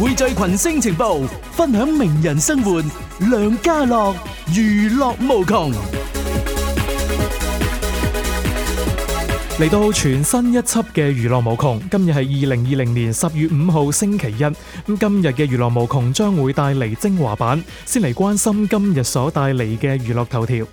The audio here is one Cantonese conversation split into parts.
匯聚群星情報，分享名人生活，梁家樂，娛樂無窮。嚟到全新一輯嘅娛樂無窮，今日係二零二零年十月五號星期一。咁今日嘅娛樂無窮將會帶嚟精華版，先嚟關心今日所帶嚟嘅娛樂頭條。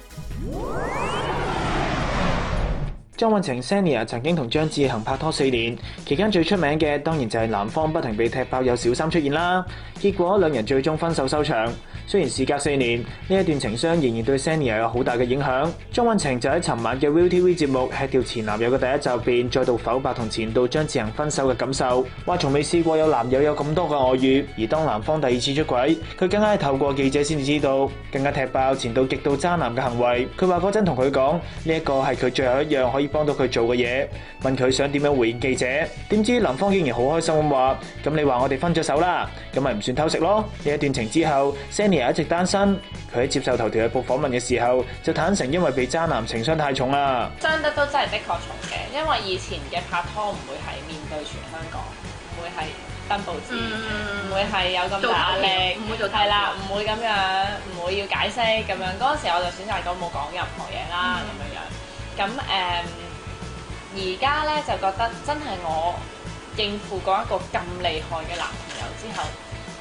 張允晴 Sanya 曾經同張致恒拍拖四年，期間最出名嘅當然就係男方不停被踢爆有小三出現啦。結果兩人最終分手收場。雖然事隔四年，呢一段情傷仍然對 Sanya 有好大嘅影響。張允晴就喺尋晚嘅 ViuTV 節目《吃掉前男友》嘅第一集便再度剖白同前度張致恒分手嘅感受，話從未試過有男友有咁多嘅外遇。而當男方第二次出軌，佢更加係透過記者先至知道，更加踢爆前度極度渣男嘅行為。佢話嗰陣同佢講，呢、這、一個係佢最後一樣可以。幫到佢做嘅嘢，問佢想點樣回應記者，點知林峰竟然好開心咁話：咁你話我哋分咗手啦，咁咪唔算偷食咯。呢一段情之後，Sanya 一直單身。佢喺接受頭條日報訪問嘅時候，就坦誠因為被渣男情傷太重啦。傷得都真係的確重嘅，因為以前嘅拍拖唔會係面對全香港，唔會係登報紙，唔會係有咁大壓力，唔會做係啦，唔會咁樣，唔會要解釋咁樣。嗰陣時我就選擇咗冇講任何嘢啦，咁樣樣。咁誒，而家咧就覺得真係我應付過一個咁厲害嘅男朋友之後，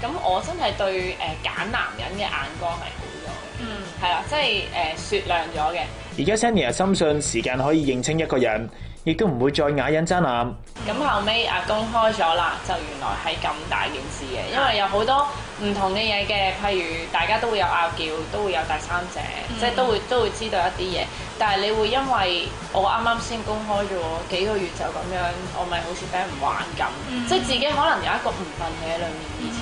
咁我真係對誒揀男人嘅眼光係好咗嘅，嗯，係啦，即係誒雪亮咗嘅。而家 Sunny 啊，深信時間可以認清一個人，亦都唔會再啞忍渣男。咁後尾啊，公開咗啦，就原來係咁大件事嘅，因為有好多唔同嘅嘢嘅，譬如大家都會有拗撬，都會有第三者，即係都會都會知道一啲嘢。但係你會因為我啱啱先公開咗幾個月就咁樣，我咪好似俾人玩咁，嗯、即係自己可能有一個唔忿氣喺裏面。以前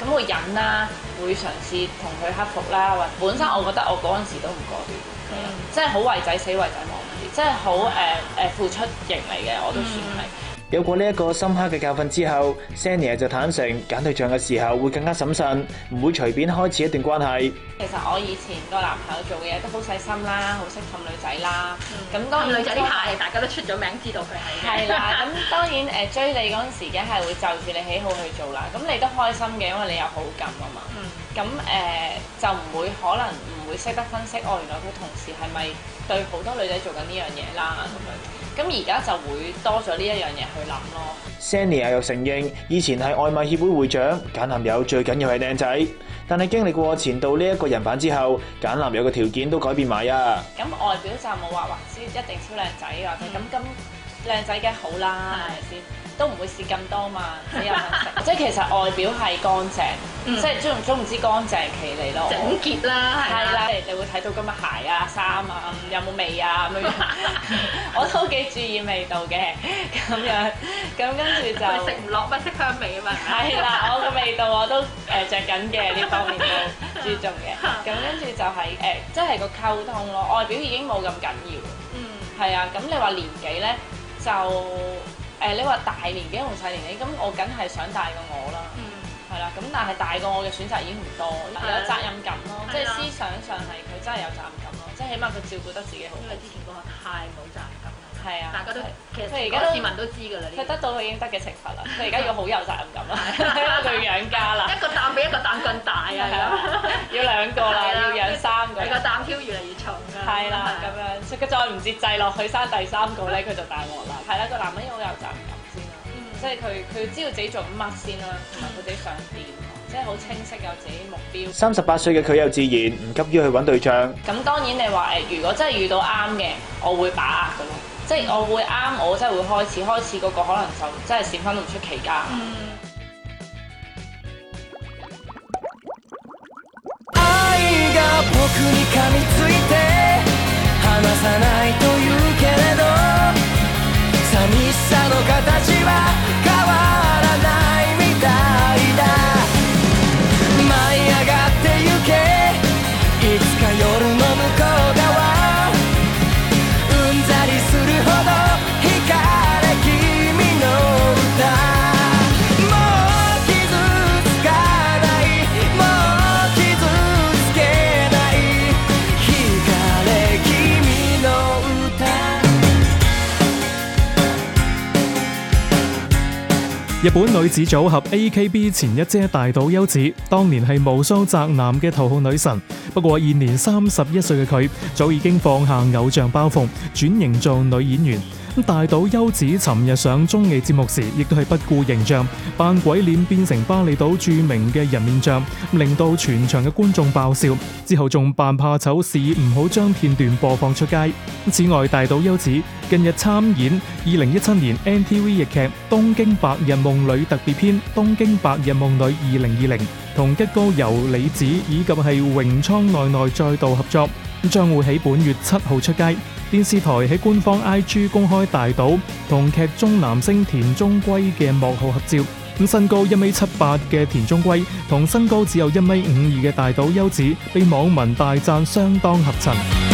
咁會、嗯、忍啦，會嘗試同佢克服啦。或本身我覺得我嗰陣時都唔過癮，嗯，即係好為仔死為仔忙啲，即係好誒誒付出型嚟嘅，我都算係。嗯嗯有過呢一個深刻嘅教訓之後，Sanya 就坦承揀對象嘅時候會更加審慎，唔會隨便開始一段關係。其實我以前個男朋友做嘅嘢都好細心啦，好識氹女仔啦。咁當然女仔啲下係大家都出咗名，知道佢係。係啦的，咁 當然誒追你嗰陣時梗係會就住你喜好去做啦。咁你都開心嘅，因為你有好感啊嘛。咁誒、嗯、就唔會可能唔會識得分析，我原來佢同事係咪對好多女仔做緊呢樣嘢啦咁樣。咁而家就會多咗呢一樣嘢去諗咯。Sanny 又承認，以前係外賣協會會長，揀男友最緊要係靚仔，但係經歷過前度呢一個人品之後，揀男友嘅條件都改變埋啊。咁外表就冇話話超一定超靚仔啊，或者咁咁靚仔梗係好啦，係、咪、先。都唔會試咁多嘛，你食？即係其實外表係乾淨，即中唔中唔知乾淨企嚟咯，整潔啦，係啦，你會睇到今日鞋啊、衫啊，有冇味啊咁樣，我都幾注意味道嘅，咁樣咁跟住就，食唔落，唔識香味啊嘛，係啦，我個味道我都誒著緊嘅呢方面都注重嘅，咁跟住就係誒，即係個溝通咯，外表已經冇咁緊要，嗯，係啊，咁你話年紀咧就。誒你話大年紀同細年紀，咁我梗係想大過我啦，嗯，係啦，咁但係大過我嘅選擇已經唔多，但有責任感咯，嗯、即係思想上係，佢真係有責任感咯，了即係起碼佢照顧得自己好，因為之前嗰個太冇責任感。係啊，大家都係其實即係而家市民都知㗎啦，佢得到佢應得嘅懲罰啦。佢而家要好有責任感啦，佢要養家啦。一個擔比一個擔更大啊！要兩個啦，要養三個。你個擔挑越嚟越重㗎。係啦，咁樣佢再唔節制落去生第三個咧，佢就大鑊啦。係啦，個男人要好有責任感先啦，即係佢佢知道自己做乜先啦，同埋佢自己想點，即係好清晰有自己目標。三十八歲嘅佢又自然唔急於去揾對象。咁當然你話誒，如果真係遇到啱嘅，我會把握㗎咯。即係我會啱我，即係會開始開始嗰個，可能就真係閃婚唔出奇㗎。嗯日本女子組合 AKB 前一姐大島優子，當年係無數宅男嘅頭號女神。不過現年三十一歲嘅佢，早已經放下偶像包袱，轉型做女演員。大島優子尋日上綜藝節目時，亦都係不顧形象扮鬼臉，變成巴厘島著名嘅人面像，令到全場嘅觀眾爆笑。之後仲扮怕醜，示意唔好將片段播放出街。此外，大島優子近日參演二零一七年 NTV 逆劇《東京白日夢女》特別篇《東京白日夢女二零二零》，同吉高由里子以及係榮倉奈奈再度合作。將會喺本月七號出街，電視台喺官方 IG 公開大島同劇中男星田中圭嘅幕後合照。咁身高一米七八嘅田中圭同身高只有一米五二嘅大島優子，被網民大讚相當合襯。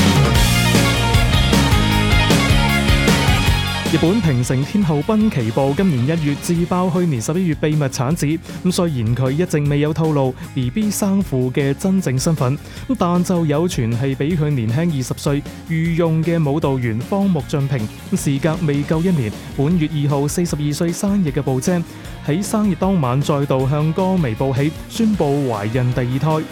日本平成天后濱崎步今年一月自爆去年十一月秘密產子，咁雖然佢一直未有透露 B B 生父嘅真正身份，但就有傳係比佢年輕二十歲御用嘅舞蹈員方木俊平。咁事隔未夠一年，本月二號四十二歲生日嘅步姐喺生日當晚再度向歌迷報喜，宣布懷孕第二胎。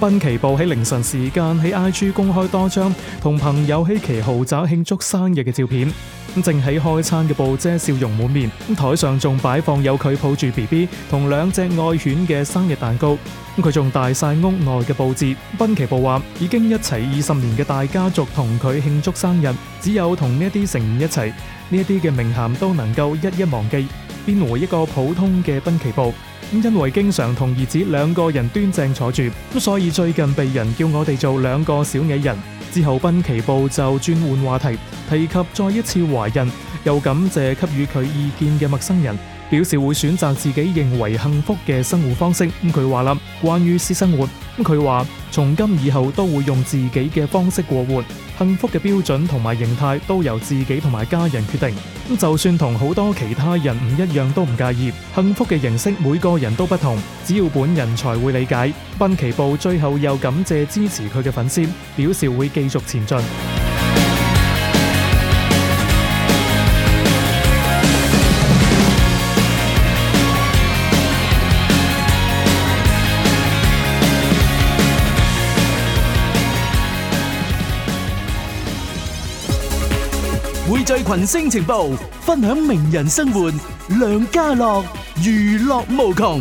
濱崎步喺凌晨時間喺 IG 公開多張同朋友喺其豪宅慶祝生日嘅照片。正喺開餐嘅步姐笑容滿面，台上仲擺放有佢抱住 B B 同兩隻愛犬嘅生日蛋糕，佢仲大晒屋內嘅佈置。濱崎步話：已經一齊二十年嘅大家族同佢慶祝生日，只有同呢一啲成員一齊，呢一啲嘅名銜都能夠一一忘記，變為一個普通嘅濱崎步。因為經常同兒子兩個人端正坐住，所以最近被人叫我哋做兩個小矮人。之後，濱崎步就轉換話題，提及再一次懷孕，又感謝給予佢意見嘅陌生人。表示會選擇自己認為幸福嘅生活方式。咁佢話啦，關於私生活，咁佢話，從今以後都會用自己嘅方式過活，幸福嘅標準同埋形態都由自己同埋家人決定。咁就算同好多其他人唔一樣都唔介意，幸福嘅形式每個人都不同，只要本人才會理解。濱崎步最後又感謝支持佢嘅粉絲，表示會繼續前進。匯聚群星情報，分享名人生活，梁家樂，娛樂無窮。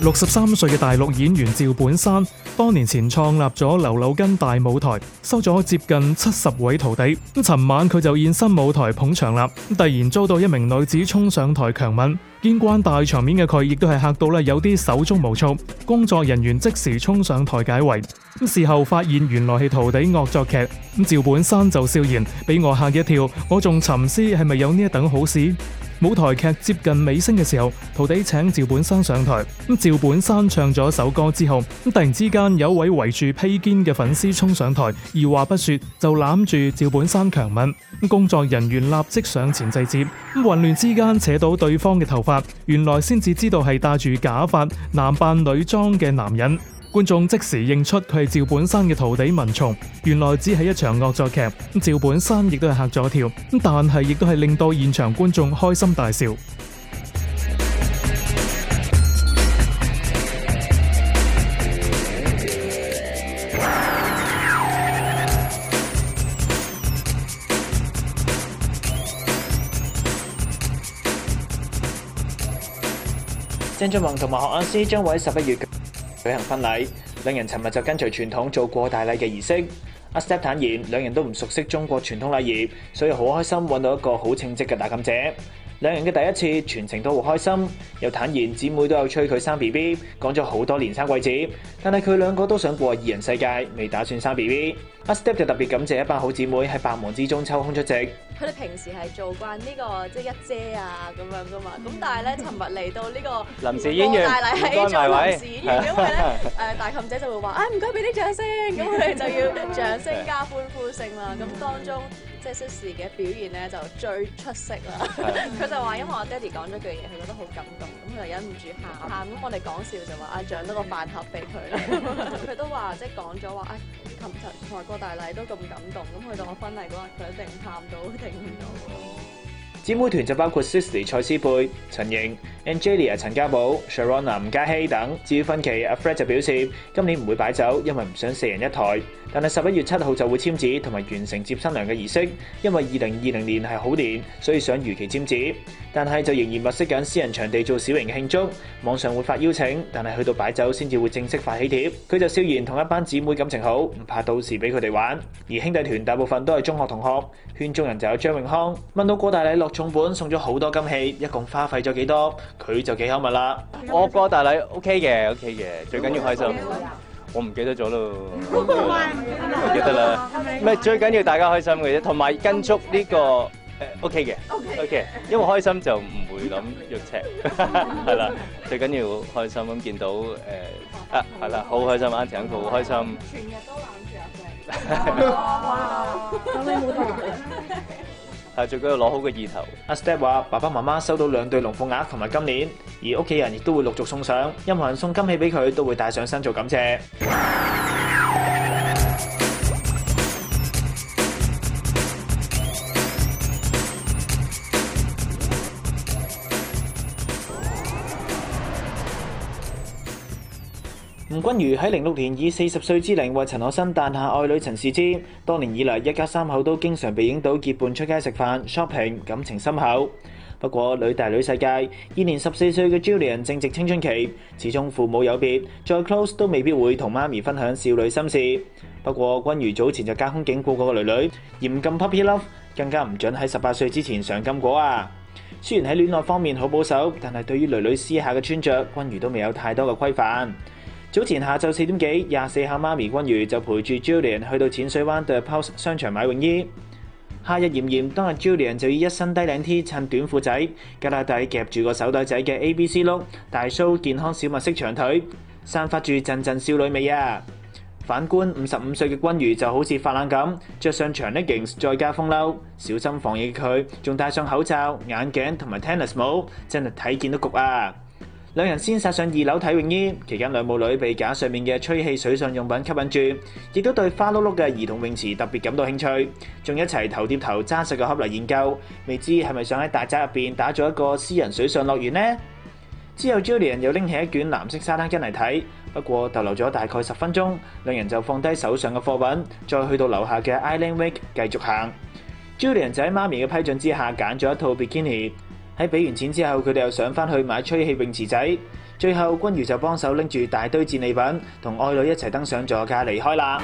六十三歲嘅大陸演員趙本山多年前創立咗《劉老根大舞台》，收咗接近七十位徒弟。咁，尋晚佢就現身舞台捧場啦，突然遭到一名女子衝上台強吻。邊關大場面嘅佢，亦都係嚇到咧，有啲手足無措，工作人員即時衝上台解圍。咁事後發現，原來係徒弟惡作劇。咁趙本山就笑言：俾我嚇一跳，我仲沉思係咪有呢一等好事。舞台劇接近尾聲嘅時候，徒弟請趙本山上台。咁趙本山唱咗首歌之後，咁突然之間有位圍住披肩嘅粉絲衝上台，二話不說就攬住趙本山強吻。工作人員立即上前制止，咁混亂之間扯到對方嘅頭髮，原來先至知道係戴住假髮男扮女裝嘅男人。觀眾即時認出佢係趙本山嘅徒弟文松，原來只係一場惡作劇，咁趙本山亦都係嚇咗一跳，但係亦都係令到現場觀眾開心大笑。鄭俊弘同埋何雁詩將會喺十一月。舉行婚禮，兩人尋日就跟隨傳統做過大禮嘅儀式。阿 Step 坦言，兩人都唔熟悉中國傳統禮儀，所以好開心揾到一個好稱職嘅大妗姐。兩人嘅第一次全程都好開心，又坦言姊妹都有催佢生 B B，講咗好多年生貴子，但係佢兩個都想過二人世界，未打算生 B B。阿 Step 就特別感謝一班好姊妹喺百忙之中抽空出席。佢哋平時係做慣呢個即係一姐啊咁樣噶嘛，咁但係咧尋日嚟到呢個臨時演員，唔該大位。即係些時嘅表現咧，就最出色啦。佢就話因為我爹哋講咗句嘢，佢覺得好感動，咁佢就忍唔住喊。喊，咁我哋講笑就話啊，獎多個飯盒俾佢。佢、 哎、都話即係講咗話啊，琴日外國大禮都咁感動，咁佢 到我婚禮嗰日，佢一定喊到停唔到。 姊妹團就包括 Sisley 蔡思貝、陳瑩、Angelia 陳嘉寶、Sharona 吳嘉熙等。至於婚期，阿 Fred 就表示今年唔會擺酒，因為唔想四人一台。但係十一月七號就會簽字同埋完成接新娘嘅儀式，因為二零二零年係好年，所以想如期簽字。但係就仍然物色緊私人場地做小型嘅慶祝，網上會發邀請，但係去到擺酒先至會正式發喜帖。佢就笑言同一班姊妹感情好，唔怕到時俾佢哋玩。而兄弟團大部分都係中學同學，圈中人就有張永康。問到過大禮落，重本送咗好多金器，一共花費咗幾多？佢就幾口問啦。我過大禮 O K 嘅，O K 嘅，最緊要開心。我唔記得咗咯，唔記得啦。唔係最緊要大家開心嘅啫，同埋跟足呢個誒 O K 嘅，O K 嘅，因為開心就唔會諗肉赤，係啦。最緊要開心咁見到誒啊，係啦，好開心，阿晴好開心。全日都攬住阿晴。哇！咁你冇睇。係最緊要攞好個意頭。阿 Step 話：爸爸媽媽收到兩對龍鳳鈪同埋金鏈，而屋企人亦都會陸續送上。任何人送金器俾佢，都會戴上身做感謝。 君如喺零六年以四十歲之齡為陳可辛誕下愛女陳是知。多年以嚟，一家三口都經常被影到結伴出街食飯、shopping，感情深厚。不過女大女世界，依家十四歲嘅 Julian 正值青春期，始終父母有別，再 close 都未必會同媽咪分享少女心事。不過君如早前就隔空警告過個囡囡，嚴禁 puppy love，更加唔準喺十八歲之前上禁果啊。雖然喺戀愛方面好保守，但係對於囡囡私下嘅穿着，君如都未有太多嘅規範。早前下晝四點幾，廿四孝媽咪君如就陪住 Julian 去到淺水灣 The Pulse 商場買泳衣。夏日炎炎，當日 Julian 就以一身低領 T 襯短褲仔，腳底底夾住個手袋仔嘅 A B C 碌，大 show 健康小麥色長腿，散發住陣陣少女味啊！反觀五十五歲嘅君如就好似發冷咁，著上長呢件再加風褸，小心防疫，佢仲戴上口罩、眼鏡同埋 tennis 帽，真係睇見都焗啊。兩人先殺上二樓睇泳衣，期間兩母女被架上面嘅吹氣水上用品吸引住，亦都對花碌碌嘅兒童泳池特別感到興趣，仲一齊頭貼頭揸實個盒嚟研究，未知係咪想喺大宅入邊打造一個私人水上樂園呢？之後 Julian 又拎起一卷藍色沙灘巾嚟睇，不過逗留咗大概十分鐘，兩人就放低手上嘅貨品，再去到樓下嘅 Island Wake 繼續行。Julian 就喺媽咪嘅批准之下揀咗一套 bikini。喺俾完錢之後，佢哋又上返去買吹氣泳池仔，最後君如就幫手拎住大堆戰利品，同愛女一齊登上座駕離開啦。